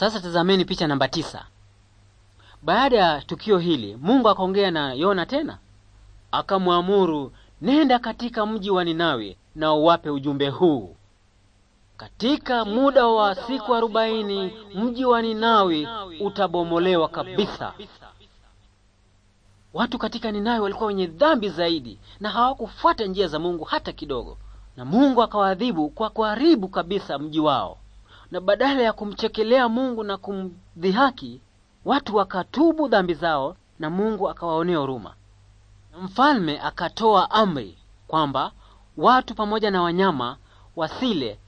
Sasa tazameni picha namba tisa. Baada ya tukio hili, Mungu akaongea na Yona tena, akamwamuru nenda katika mji wa Ninawi na uwape ujumbe huu: katika muda wa siku arobaini mji wa Ninawi utabomolewa kabisa. Watu katika Ninawi walikuwa wenye dhambi zaidi na hawakufuata njia za Mungu hata kidogo, na Mungu akawaadhibu kwa kuharibu kabisa mji wao na badala ya kumchekelea Mungu na kumdhihaki, watu wakatubu dhambi zao na Mungu akawaonea huruma. Mfalme akatoa amri kwamba watu pamoja na wanyama wasile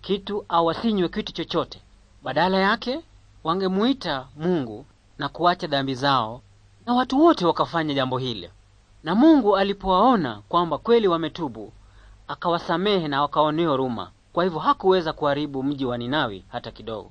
kitu au wasinywe kitu chochote. Badala yake wangemuita Mungu na kuacha dhambi zao, na watu wote wakafanya jambo hili. Na Mungu alipowaona kwamba kweli wametubu, akawasamehe na wakaonea huruma. Kwa hivyo hakuweza kuharibu mji wa Ninawi hata kidogo.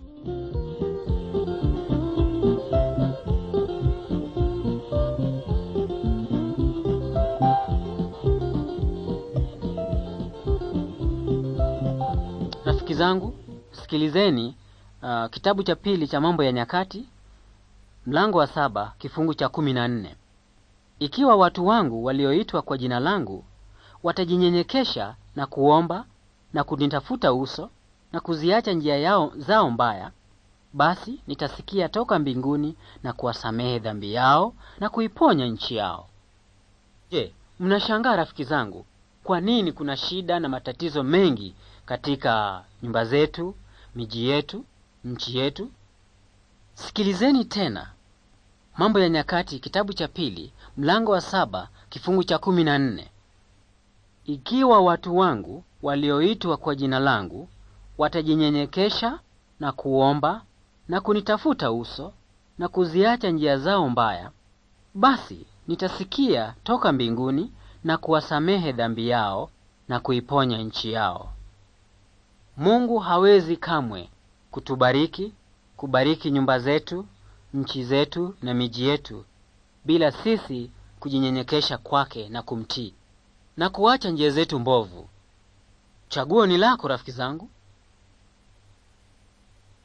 Rafiki zangu, sikilizeni uh, kitabu cha pili cha Mambo ya Nyakati mlango wa saba kifungu cha kumi na nne ikiwa watu wangu walioitwa kwa jina langu watajinyenyekesha na kuomba na kunitafuta uso na kuziacha njia yao zao mbaya, basi nitasikia toka mbinguni na kuwasamehe dhambi yao na kuiponya nchi yao. Je, mnashangaa rafiki zangu, kwa nini kuna shida na matatizo mengi katika nyumba zetu, miji yetu, nchi yetu? Sikilizeni tena Mambo ya Nyakati, kitabu cha pili, mlango wa saba, kifungu cha kumi na nne. Ikiwa watu wangu walioitwa kwa jina langu watajinyenyekesha na kuomba na kunitafuta uso na kuziacha njia zao mbaya, basi nitasikia toka mbinguni na kuwasamehe dhambi yao na kuiponya nchi yao. Mungu hawezi kamwe kutubariki, kubariki nyumba zetu, nchi zetu na miji yetu bila sisi kujinyenyekesha kwake na kumtii na kuacha njia zetu mbovu. Chaguo ni lako, rafiki zangu.